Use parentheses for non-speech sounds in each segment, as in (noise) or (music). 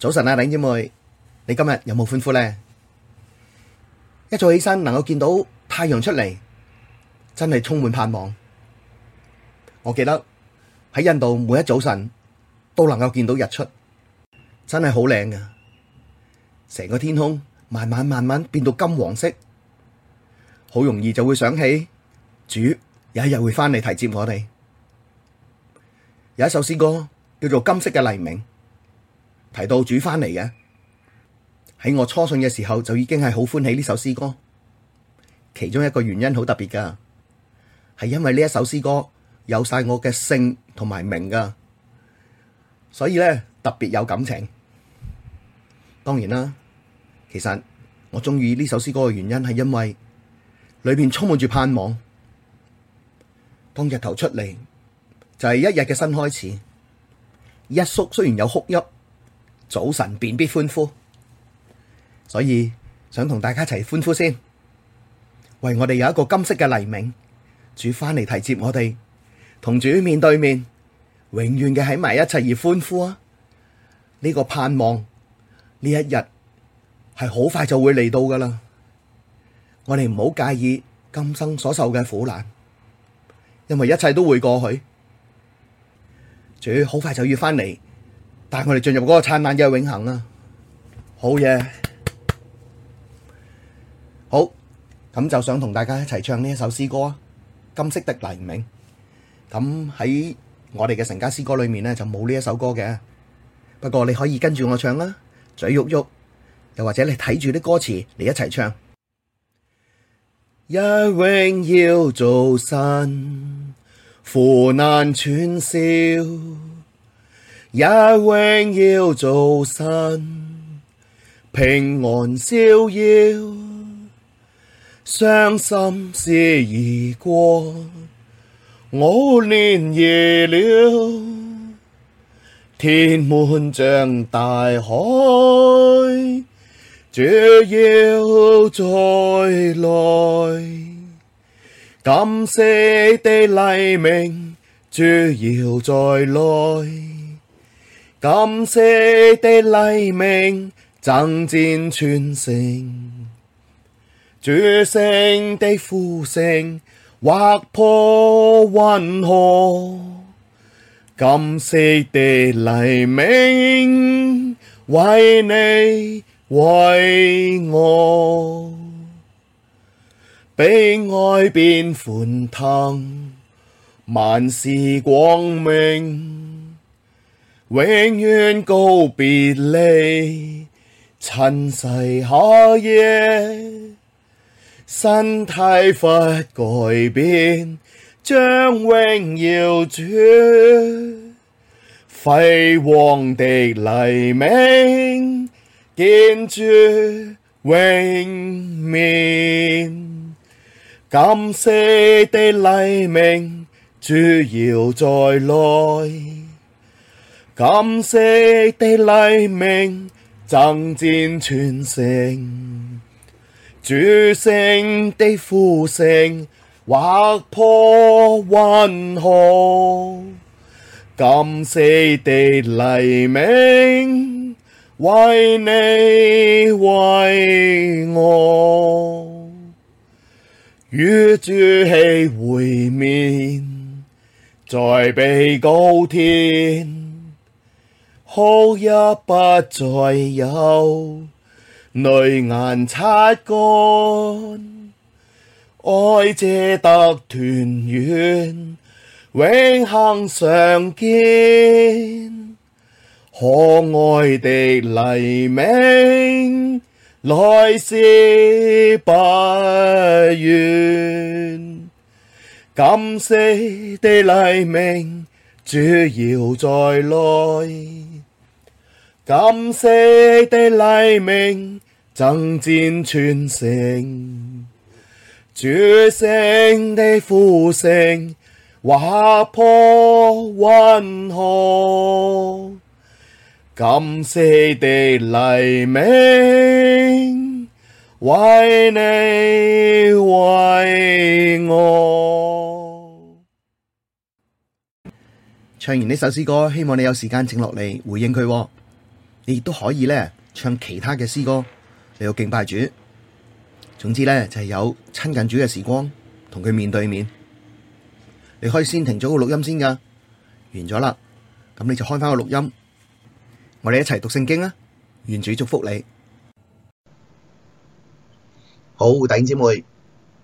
早晨啊，林姐妹，你今日有冇歡呼咧？一早起身能夠見到太陽出嚟，真係充滿盼望。我記得喺印度每一早晨都能夠見到日出，真係好靚㗎。成個天空慢慢慢慢變到金黃色，好容易就會想起主有一日會返嚟提接我哋。有一首詩歌叫做《金色嘅黎明》。提到主翻嚟嘅，喺我初信嘅時候就已經係好歡喜呢首詩歌。其中一個原因好特別噶，係因為呢一首詩歌有晒我嘅姓同埋名噶，所以咧特別有感情。當然啦，其實我中意呢首詩歌嘅原因係因為裏邊充滿住盼望。當日頭出嚟，就係、是、一日嘅新開始。一宿雖然有哭泣。早晨便必歡呼，所以想同大家一齊歡呼先，為我哋有一個金色嘅黎明，主翻嚟提接我哋，同主面對面，永遠嘅喺埋一齊而歡呼啊！呢個盼望呢一日係好快就會嚟到噶啦，我哋唔好介意今生所受嘅苦難，因為一切都會過去，主好快就要翻嚟。但我哋進入嗰個燦爛嘅永恆啊，好嘢，好，咁就想同大家一齊唱呢一首詩歌啊，《金色的黎明》。咁喺我哋嘅成家詩歌裏面呢，就冇呢一首歌嘅，不過你可以跟住我唱啦，嘴喐喐，又或者你睇住啲歌詞嚟一齊唱 (music) 。一榮耀早晨，苦難全消。一榮耀早晨，平安逍遙，傷心事已過，熬煉已了，天門將大開，主要再來，金色的黎明，主要再來。金色的黎明，爭戰全勝；主勝的呼聲，劃破雲河。金色的黎明，為你為我，悲哀變歡騰，萬事光明。永遠告別離，塵世黑夜，身體忽改變，將榮耀主，輝煌的黎明，見主榮面，金色的黎明，主要再來。金色的黎明，征戰全勝，主勝的呼聲劃破雲河。金色的黎明，為你為我，與主喜會面在彼高天。哭泣不再有，淚眼擦乾，愛者得團圓，永恆相見。可愛的黎明，來時不遠，金色的黎明，主要再來。金色的黎明，征戰全勝，主勝的呼聲劃破雲河。金色的黎明，為你為我。唱完呢首詩歌，希望你有時間靜落嚟回應佢喎。你亦都可以咧唱其他嘅詩歌，嚟要敬拜主。總之咧就係有親近主嘅時光，同佢面對面。你可以先停咗個錄音先噶，完咗啦。咁你就開翻個錄音，我哋一齊讀聖經啊。願主祝福你。好，弟兄姊妹，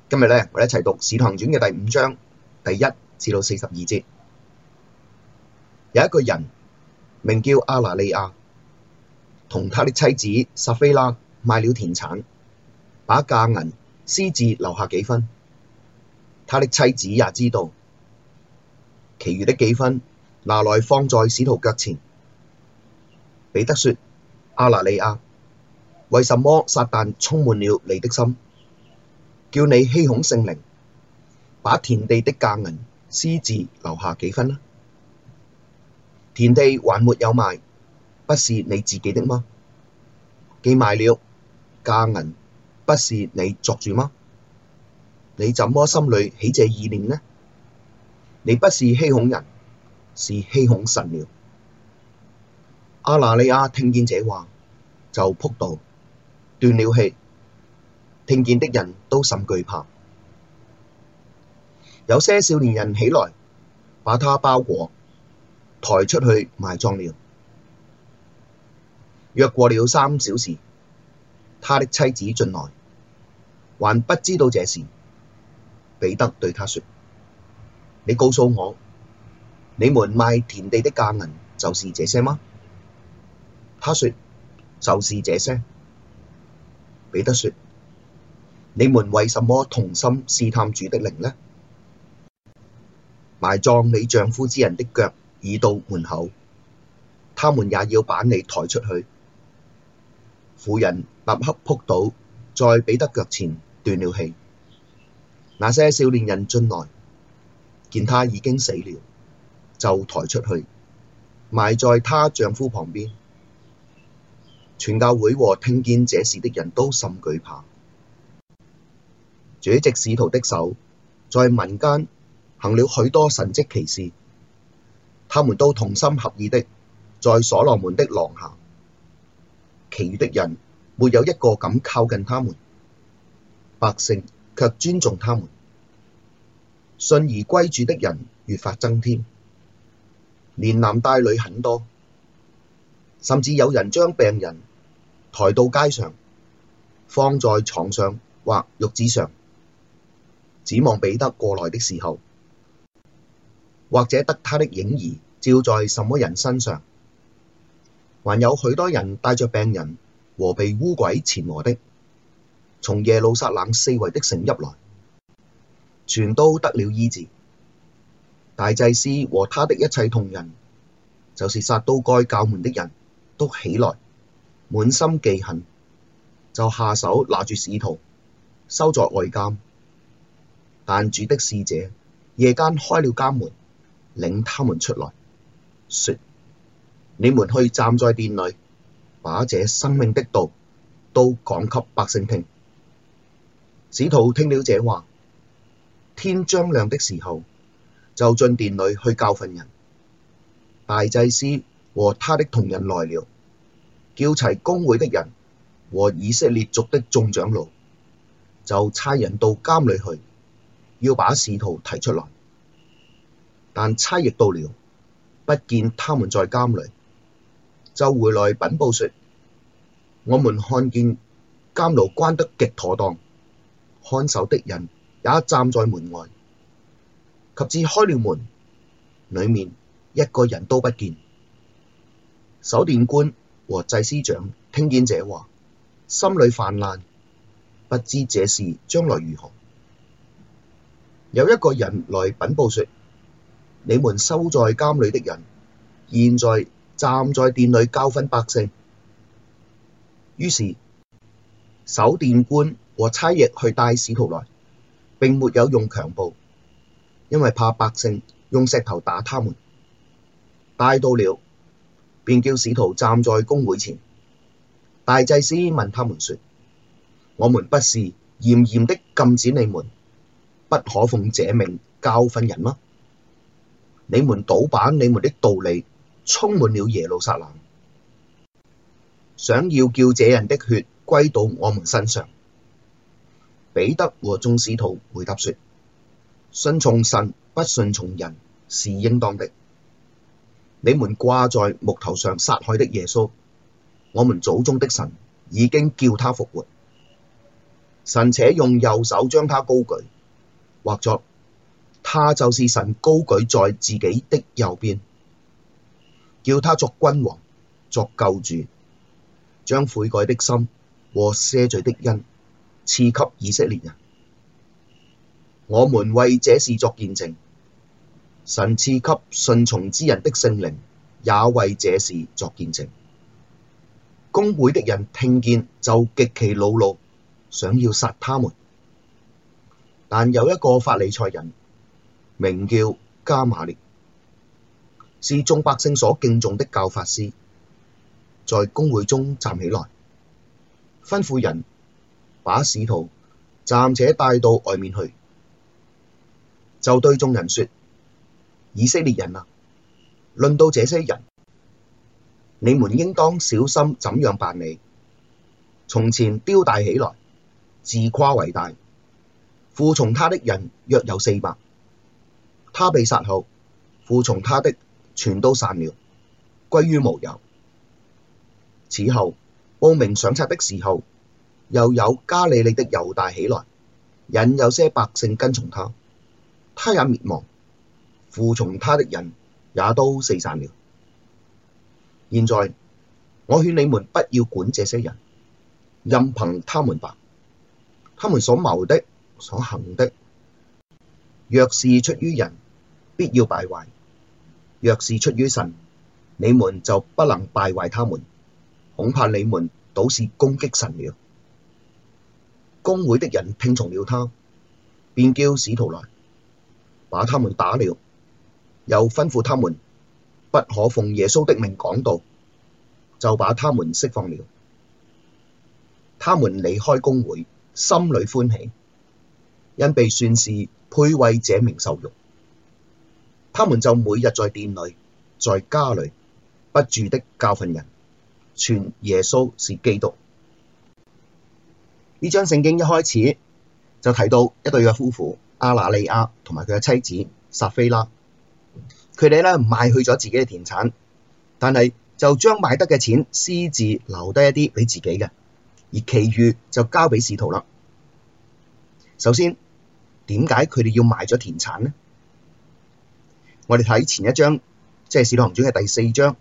今日咧我哋一齊讀《使徒行傳》嘅第五章第一至到四十二節。有一個人名叫亞拿尼亞。同他的妻子撒非喇賣了田產，把價銀私自留下幾分。他的妻子也知道，其餘的幾分拿來放在使徒腳前。彼得說：亞拿尼亞，為什麼撒但充滿了你的心，叫你欺哄聖靈，把田地的價銀私自留下幾分呢？田地還沒有賣。不是你自己的嗎？既賣了，價銀不是你作主嗎？你怎麼心裡起這意念呢？你不是欺哄人，是欺哄神了。亞拿尼亞聽見這話，就仆倒，斷了氣。聽見的人都甚懼怕，有些少年人起來，把他包裹，抬出去埋葬了。約過了三小時，他的妻子進來，還不知道這事。彼得對他說：你告訴我，你們賣田地的價銀就是這些嗎？他說：就是這些。彼得說：你們為什麼同心試探主的靈呢？埋葬你丈夫之人的腳已到門口，他們也要把你抬出去。婦人立刻撲倒在彼得腳前，斷了氣。那些少年人進來，見她已經死了，就抬出去埋在她丈夫旁邊。全教會和聽見這事的人都甚懼怕。主藉使徒的手，在民間行了很多神蹟奇事，他們都同心合意的，在所羅門的廊下。其餘的人沒有一個敢靠近他們，百姓卻尊重他們，信而歸主的人越發增添，連男帶女很多，甚至有人將病人抬到街上，放在床上或褥子上，指望彼得過來的時候，或者得他的影兒照在什麼人身上。還有許多人帶着病人和被污鬼纏磨的，從耶路撒冷四圍的城邑來，全都得了醫治。大祭司和他的一切同人，就是撒都該教門的人，都起來，滿心忌恨，就下手拿住使徒，收在外監。但主的使者夜間開了監門，領他們出來，說。你們去站在殿裡，把這生命的道都講給百姓聽。使徒聽了這話，天將亮的時候，就進殿裡去教訓人。大祭司和他的同人來了，叫齊公會的人和以色列族的眾長老，就差人到監裡去，要把使徒提出來。但差役到了，不見他們在監裡。就回來稟報說，我們看見監牢關得極妥當，看守的人也站在門外，及至開了門，裡面一個人都不見。守殿官和祭司長聽見這話，心裡犯難，不知這事將來如何。有一個人來稟報說，你們收在監裡的人，現在，站在殿裡教訓百姓，於是守殿官和差役去帶使徒來，并沒有用強暴，因為怕百姓用石頭打他們。帶到了，便叫使徒站在公會前。大祭司問他們說：我們不是嚴嚴的禁止你們不可奉這名教訓人嗎？你們倒把你們的道理充滿了耶路撒冷，想要叫這人的血歸到我們身上。彼得和眾使徒回答說：信從神，不信從人，是應當的。你們掛在木頭上殺害的耶穌，我們祖宗的神已經叫他復活。神且用右手將他高舉，或作他就是神高舉在自己的右邊。叫他作君王，作救主，將悔改的心和赦罪的恩賜給以色列人。我們為這事作見證。神賜給順從之人的聖靈，也為這事作見證。公會的人聽見就極其惱怒，想要殺他們。但有一個法利賽人，名叫迦瑪列。是眾百姓所敬重的教法師，在公會中站起來，吩咐人把使徒暫且帶到外面去，就對眾人說：以色列人啊，論到這些人，你們應當小心怎樣辦理。從前丟大起來，自誇為大，附從他的人約有四百。他被殺後，附從他的，全都散了，歸於無有。此後，報名上冊的時候，又有加利利的猶大起來，引有些百姓跟從他，他也滅亡，附從他的人也都四散了。現在，我勸你們不要管這些人，任憑他們吧，他們所謀的、所行的，若是出於人，必要敗壞。若是出於神，你們就不能敗壞他們，恐怕你們倒是攻擊神了。公會的人聽從了他，便叫使徒來，把他們打了，又吩咐他們不可奉耶穌的名講道，就把他們釋放了。他們離開公會，心裡歡喜，因被算是配為這名受辱。他們就每日在殿裡、在家裡不住的教訓人，傳耶穌是基督。呢張聖經一開始就提到一對嘅夫婦亞拿尼亞同埋佢嘅妻子撒非喇，佢哋咧賣去咗自己嘅田產，但係就將賣得嘅錢私自留低一啲俾自己嘅，而其餘就交俾使徒啦。首先，點解佢哋要賣咗田產呢？我哋睇前一章，即係《使徒行傳》嘅第四章，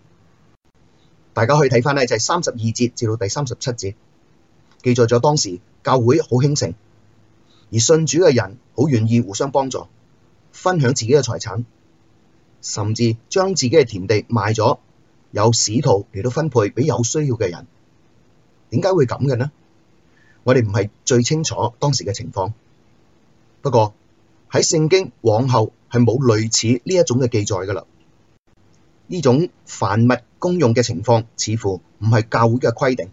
大家可以睇返呢，就係三十二節至到第三十七節，記載咗當時教會好興盛，而信主嘅人好願意互相幫助，分享自己嘅財產，甚至將自己嘅田地賣咗，有使徒嚟到分配俾有需要嘅人。點解會咁嘅呢？我哋唔係最清楚當時嘅情況，不過。喺聖經往後係冇類似呢一種嘅記載噶啦。呢種凡物公用嘅情況，似乎唔係教會嘅規定。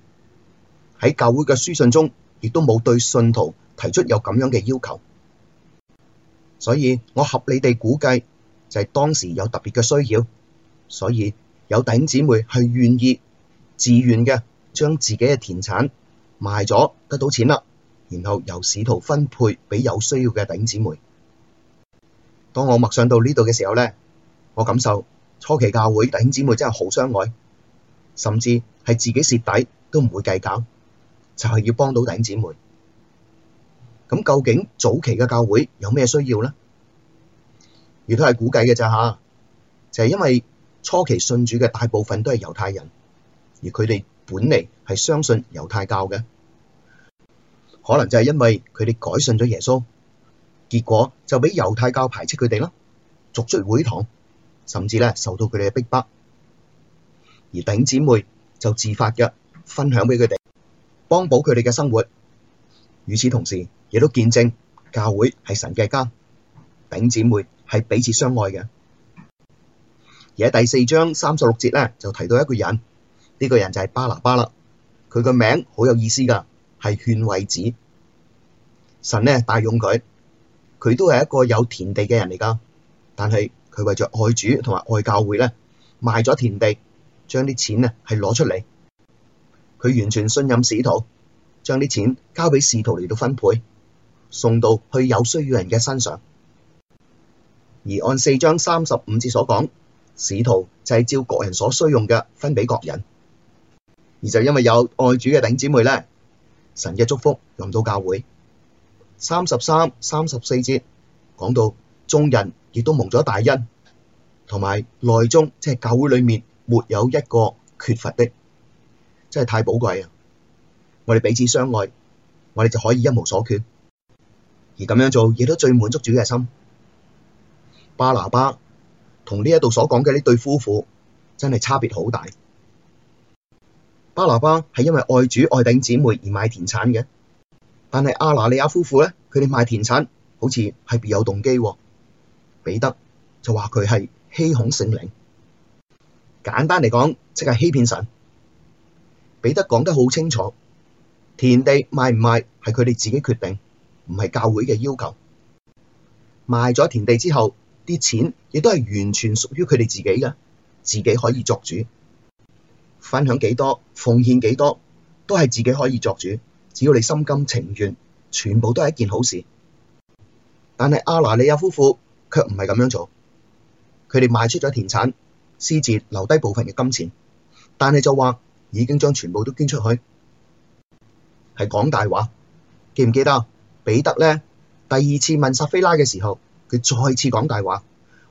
喺教會嘅書信中，亦都冇對信徒提出有咁樣嘅要求。所以我合理地估計，就係當時有特別嘅需要，所以有弟兄姊妹係願意自願嘅，將自己嘅田產賣咗，得到錢啦，然後由使徒分配俾有需要嘅弟兄姊妹。當我默想到呢度嘅時候呢，我感受初期教會弟兄姊妹真係好相愛，甚至係自己蝕底都唔會計較，就係要幫到弟兄姊妹。咁究竟早期嘅教會有咩需要呢？亦都係估計嘅咋吓，就係因為初期信主嘅大部分都係猶太人，而佢哋本嚟係相信猶太教嘅，可能就係因為佢哋改信咗耶穌。結果就俾猶太教排斥佢哋啦，逐出會堂，甚至咧受到佢哋嘅逼迫。而頂姐妹就自發嘅分享俾佢哋，幫補佢哋嘅生活。與此同時，亦都見證教會係神嘅家，頂姐妹係彼此相愛嘅。而喺第四章三十六節咧就提到一個人，呢個人就係巴拿巴啦。佢嘅名好有意思噶，係勸慰子。神咧大用佢。佢都係一個有田地嘅人嚟噶，但係佢為咗愛主同埋愛教會咧，賣咗田地，將啲錢啊係攞出嚟。佢完全信任使徒，將啲錢交俾使徒嚟到分配，送到去有需要人嘅身上。而按四章三十五節所講，使徒就係照各人所需用嘅分俾各人。而就因為有愛主嘅頂姊妹咧，神嘅祝福用到教會。三十三、三十四節講到，眾人亦都蒙咗大恩，同埋內中即係教會裏面沒有一個缺乏的，真係太寶貴啊！我哋彼此相愛，我哋就可以一無所缺，而咁樣做亦都最滿足主嘅心。巴拿巴同呢一度所講嘅呢對夫婦真係差別好大。巴拿巴係因為愛主愛頂姊妹而賣田產嘅。但係阿拿利亞夫婦咧，佢哋賣田產好似係別有動機，哦。彼得就話佢係欺哄聖靈，簡單嚟講即係欺騙神。彼得講得好清楚，田地賣唔賣係佢哋自己決定，唔係教會嘅要求。賣咗田地之後，啲錢亦都係完全屬於佢哋自己㗎，自己可以作主，分享幾多奉獻幾多都係自己可以作主。只要你心甘情願，全部都係一件好事。但係亞拿尼亞夫婦卻唔係咁樣做，佢哋賣出咗田產，私自留低部分嘅金錢，但係就話已經將全部都捐出去，係講大話。記唔記得啊？彼得咧第二次問撒非喇嘅時候，佢再次講大話，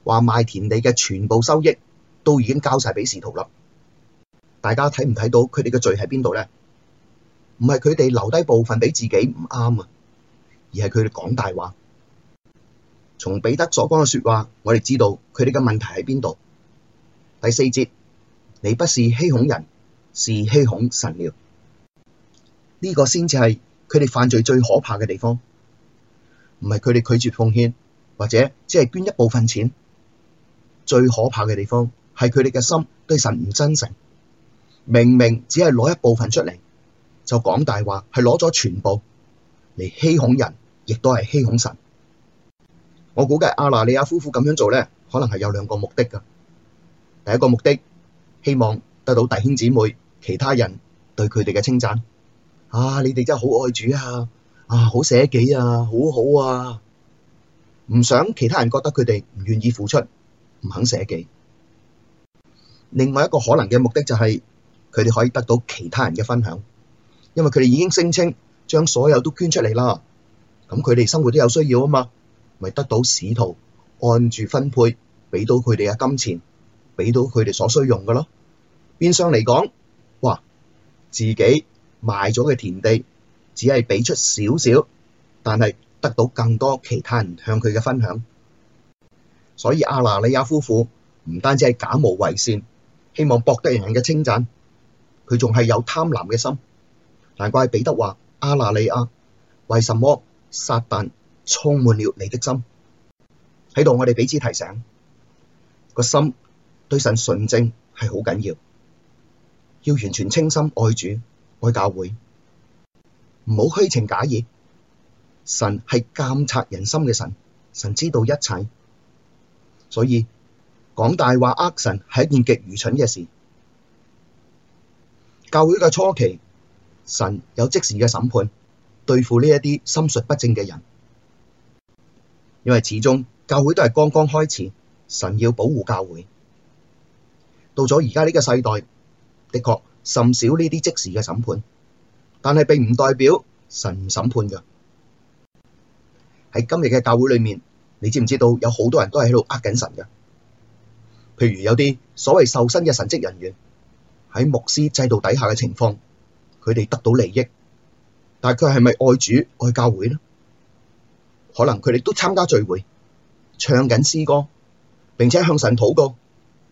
話賣田地嘅全部收益都已經交晒俾使徒啦。大家睇唔睇到佢哋嘅罪喺邊度咧？唔係佢哋留低部分畀自己唔啱啊，而係佢哋講大話。從彼得所講嘅說話，我哋知道佢哋嘅問題喺邊度。第四節，你不是欺哄人，是欺哄神了。呢、這個先至係佢哋犯罪最可怕嘅地方，唔係佢哋拒絕奉獻或者只係捐一部分錢。最可怕嘅地方係佢哋嘅心對神唔真誠，明明只係攞一部分出嚟。就講大話，係攞咗全部嚟欺哄人，亦都係欺哄神。我估計亞拿尼亞夫婦咁樣做咧，可能係有兩個目的噶。第一個目的，希望得到弟兄姊妹、其他人對佢哋嘅稱讚。啊，你哋真係好愛主啊，啊，好捨己啊，好好啊！唔想其他人覺得佢哋唔願意付出，唔肯捨己。另外一個可能嘅目的就係，佢哋可以得到其他人嘅分享。因為佢哋已經聲稱將所有都捐出嚟啦，咁佢哋生活都有需要啊嘛，咪得到使徒按住分配，俾到佢哋嘅金錢，俾到佢哋所需用嘅咯。變相嚟講，哇，自己賣咗嘅田地只係俾出少少，但係得到更多其他人向佢嘅分享。所以亞拿尼亞夫婦唔單止係假冒為善，希望博得人嘅稱讚，佢仲係有貪婪嘅心。難怪彼得話亞拿尼亞，為什麼撒旦充滿了你的心？喺度，我哋彼此提醒個心對神純正係好緊要，要完全清心愛主愛教會，唔好虛情假意。神係監察人心嘅神，神知道一切，所以講大話呃神係一件極愚蠢嘅事。教會嘅初期，神有即時嘅審判，對付呢一啲心術不正嘅人，因為始終教會都係剛剛開始，神要保護教會。到咗而家呢個世代，的確甚少呢啲即時嘅審判，但係並唔代表神唔審判噶。喺今日嘅教會裏面，你知唔知道有好多人都係喺度呃緊神噶？譬如有啲所謂受薪嘅神職人員喺牧師制度底下嘅情況。佢哋得到利益，但佢係咪愛主愛教會呢？可能佢哋都參加聚會，唱緊詩歌，並且向神禱告：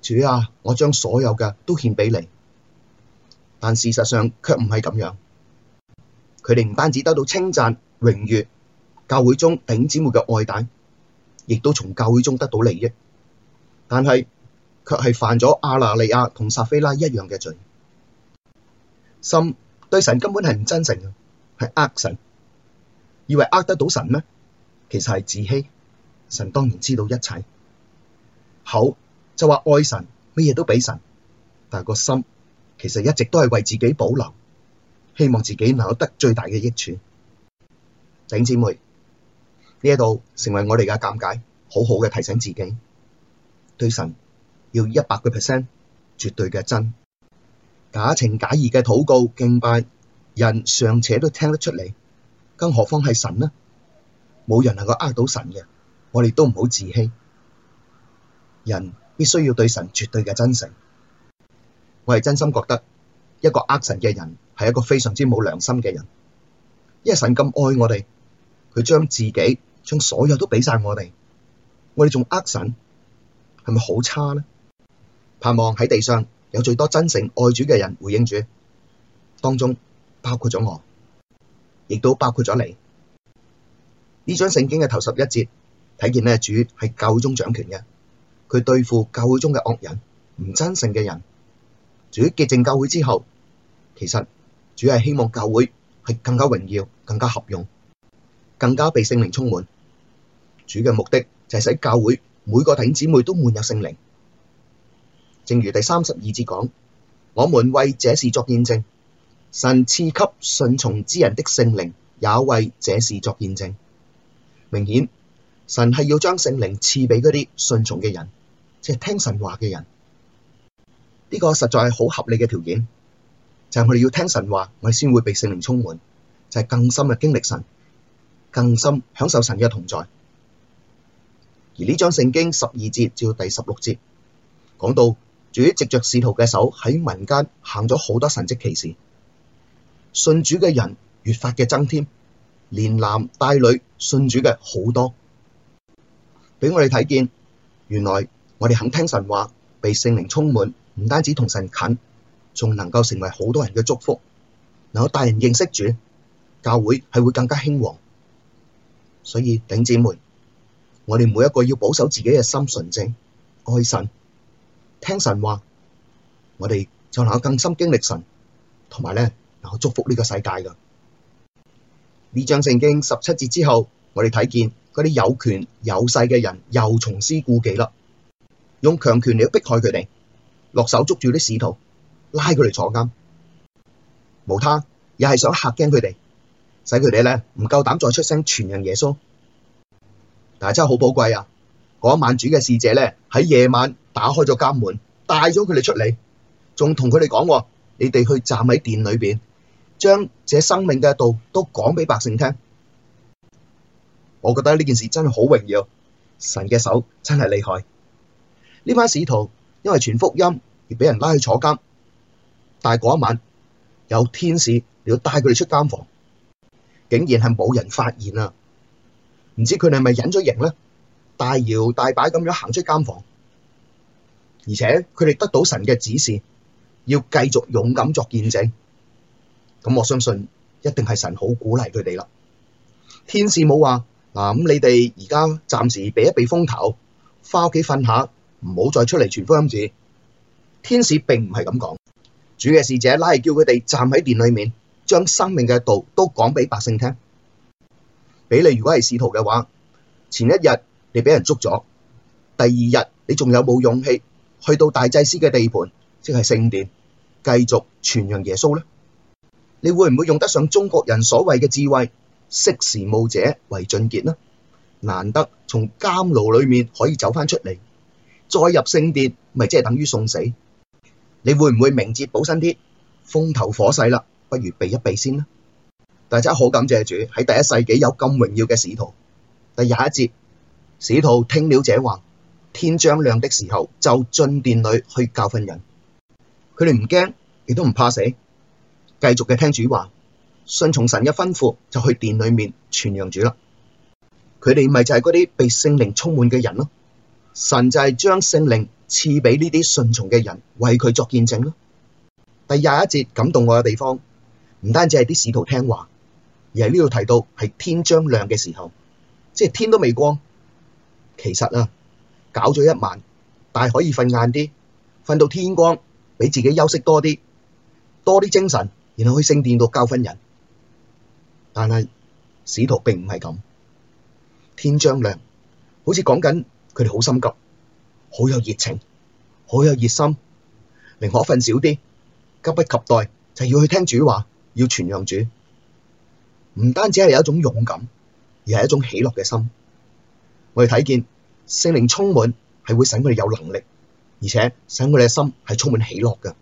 主啊，我將所有嘅都獻俾你。但事實上卻唔係咁樣，佢哋唔單止得到稱讚、榮譽，教會中頂姊妹嘅愛戴，亦都從教會中得到利益，但係卻係犯咗亞拿尼亞同撒非喇一樣嘅罪，心。對神根本係唔真誠嘅，係呃神，以為呃得到神咩？其實係自欺。神當然知道一切。口就話愛神，乜嘢都畀神，但係個心其實一直都係為自己保留，希望自己能夠得最大嘅益處。弟兄姊妹，呢度成為我哋嘅鑑戒，好好嘅提醒自己，對神要一百個 percent 絕對嘅真。假情假意嘅禱告敬拜，人尚且都聽得出嚟，更何況係神呢？冇人能夠呃到神嘅，我哋都唔好自欺。人必須要對神絕對嘅真誠。我係真心覺得一個呃神嘅人係一個非常之冇良心嘅人，因為神咁愛我哋，佢將自己將所有都俾晒我哋，我哋仲呃神，係咪好差呢？盼望喺地上，有最多真誠愛主嘅人回應主，當中包括咗我，亦都包括咗你。呢章聖經嘅頭十一節，睇見呢主係教會中掌權嘅，佢對付教會中嘅惡人、唔真誠嘅人。主潔淨教會之後，其實主係希望教會係更加榮耀、更加合用、更加被聖靈充滿。主嘅目的就係使教會每個弟兄姊妹都滿有聖靈。正如第三十二節講，我們為這事作見證，神賜給順從之人的聖靈，也為這事作見證。明顯神係要將聖靈賜俾嗰啲順從嘅人，即係聽神話嘅人。呢、這個實在係好合理嘅條件，就係我哋要聽神話，我哋先會被聖靈充滿，就係、是、更深嘅經歷神，更深享受神嘅同在。而呢章聖經十二節至第十六節講到。主藉着使徒嘅手喺民間行咗好多神蹟奇事，信主嘅人越發嘅增添，連男帶女信主嘅好多，俾我哋睇見，原來我哋肯聽神話，被聖靈充滿，唔單止同神近，仲能夠成為好多人嘅祝福。嗱，有大人認識主，教會係會更加興旺。所以弟兄們，我哋每一個要保守自己嘅心純正，愛神。聽神話，我哋就能夠更深經歷神，同埋咧能夠祝福呢個世界噶。呢章聖經十七節之後，我哋睇見嗰啲有權有勢嘅人又重施故技啦，用強權嚟逼害佢哋，落手捉住啲使徒，拉佢嚟坐監，無他，又係想嚇驚佢哋，使佢哋咧唔夠膽再出聲傳揚耶穌。但係真係好寶貴啊！嗰晚主，主嘅使者咧喺夜晚打開咗監門，帶咗佢哋出嚟，仲同佢哋講：你哋去站喺殿裏邊，將這生命嘅道都講俾百姓聽。我覺得呢件事真係好榮耀，神嘅手真係厲害。呢班使徒因為傳福音而俾人拉去坐監，但係嗰一晚有天使要帶佢哋出監房，竟然係冇人發現啊！唔知佢哋係咪隱咗形咧？大搖大擺咁樣行出間房，而且佢哋得到神嘅指示，要繼續勇敢作見證。咁我相信一定係神好鼓勵佢哋啦。天使冇話嗱，咁，啊、你哋而家暫時避一避風頭，返屋企瞓下，唔好再出嚟傳福音字。天使並唔係咁講，主嘅使者拉，叫佢哋站喺殿裏面，將生命嘅道都講俾百姓聽。俾你如果係使徒嘅話，前一日。你俾人捉咗，第二日你仲有冇勇氣去到大祭司嘅地盤，即係聖殿，繼續傳揚耶穌呢？你會唔會用得上中國人所謂嘅智慧，識時務者為俊傑呢？難得從監牢裏面可以走翻出嚟，再入聖殿，咪即係等於送死？你會唔會明哲保身啲？風頭火勢啦，不如避一避先啦。大家好感謝主喺第一世紀有咁榮耀嘅使徒。第廿一節。使徒聽了這話，天將亮的時候就進殿裡去教訓人。佢哋唔驚，亦都唔怕死，繼續嘅聽主話，信從神一吩咐就去殿裡面傳揚主啦。佢哋咪就係嗰啲被聖靈充滿嘅人咯。神就係將聖靈賜俾呢啲信從嘅人為佢作見證咯。第二十一節感動我嘅地方唔單止係啲使徒聽話，而係呢度提到係天將亮嘅時候，即係天都未光。其實啊，搞咗一晚，但係可以瞓晏啲，瞓到天光，俾自己休息多啲，多啲精神，然後去聖殿度教訓人。但係使徒並唔係咁，天將亮，好似講緊佢哋好心急，好有熱情，好有熱心，寧可瞓少啲，急不及待，就要去聽主話，要傳揚主。唔單止係有一種勇敢，而係一種喜樂嘅心。我哋睇見。聖靈充滿係會使我哋有能力，而且使我哋嘅心係充滿喜樂嘅。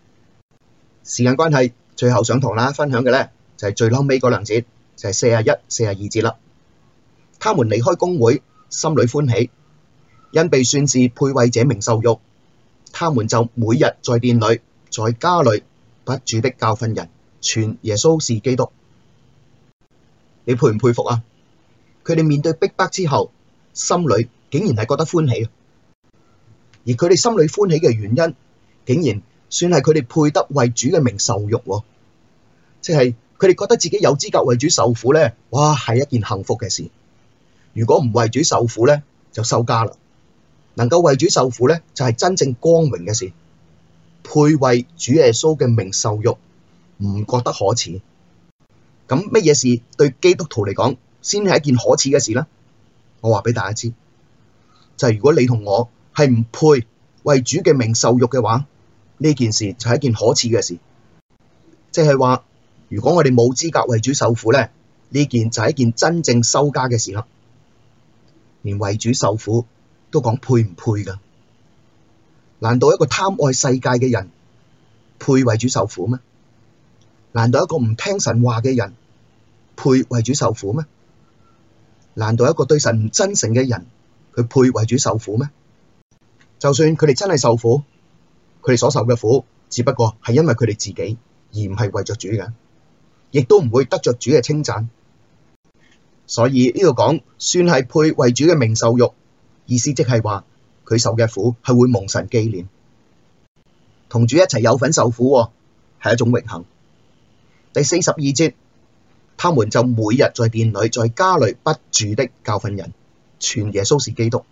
時間關係，最後上堂啦，分享嘅咧就係最後尾嗰兩節，就係四十一、四十二節啦。他們離開公會，心裡歡喜，因被算是配為這名受辱。他們就每日在殿裡、在家裡不住的教訓人，傳耶穌是基督。你佩唔佩服啊？佢哋面對逼迫之後，心裡。竟然係覺得歡喜啊，而佢哋心裡歡喜嘅原因，竟然算係佢哋配得為主嘅名受辱啊，即係佢哋覺得自己有資格為主受苦咧。哇，係一件幸福嘅事。如果唔為主受苦咧，就收家啦。能夠為主受苦咧，就係真正光榮嘅事。配為主耶穌嘅名受辱，唔覺得可恥。咁乜嘢事對基督徒嚟講先係一件可恥嘅事咧？我話俾大家知。就係如果你同我係唔配為主嘅名受辱嘅話，呢件事就係一件可恥嘅事。即係話，如果我哋冇資格為主受苦咧，呢件就係一件真正羞家嘅事啦。連為主受苦都講配唔配㗎？難道一個貪愛世界嘅人配為主受苦咩？難道一個唔聽神話嘅人配為主受苦咩？難道一個對神唔真誠嘅人，佢配為主受苦咩？就算佢哋真係受苦，佢哋所受嘅苦只不過係因為佢哋自己而，而唔係為着主嘅，亦都唔會得着主嘅稱讚。所以呢度講算係配為主嘅名受辱，意思即係話佢受嘅苦係會蒙神紀念，同主一齊有份受苦係、哦、一種榮幸。第四十二節，他們就每日在殿裡、在家裡不住的教訓人。傳耶穌是基督。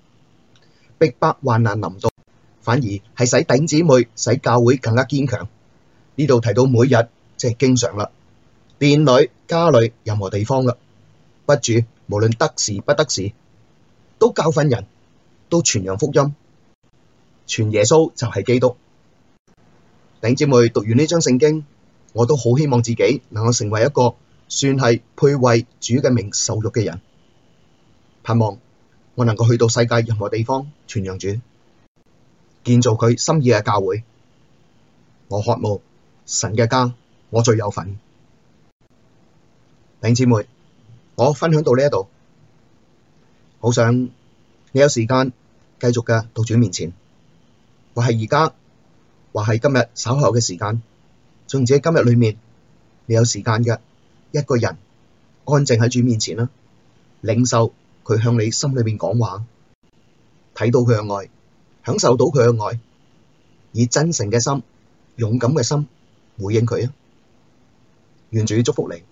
我能夠去到世界任何地方傳揚主，建造佢心意嘅教會。我渴望神嘅家，我最有份。弟兄姊妹，我分享到呢一度，好想你有時間繼續嘅到主面前，或係而家，或係今日稍後嘅時間，甚至，今日裏面你有時間嘅一個人安靜喺主面前啦，領受。佢向你心裏邊講話，睇到佢嘅愛，享受到佢嘅愛，以真誠嘅心、勇敢嘅心回應佢啊！願主祝福你。